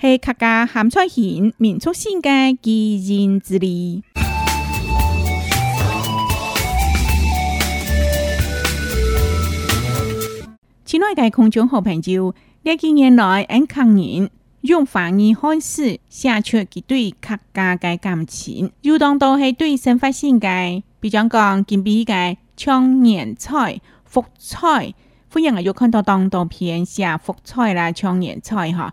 係客家鹹菜型民族性嘅基因之旅。親愛嘅觀眾好朋友，這幾年來人抗人，很客人用方言開始寫出一堆客家的感情，有當都是對生活性嘅，比講講今比嘅長年菜、福菜，歡迎來看到片寫福菜啦、長年菜哈。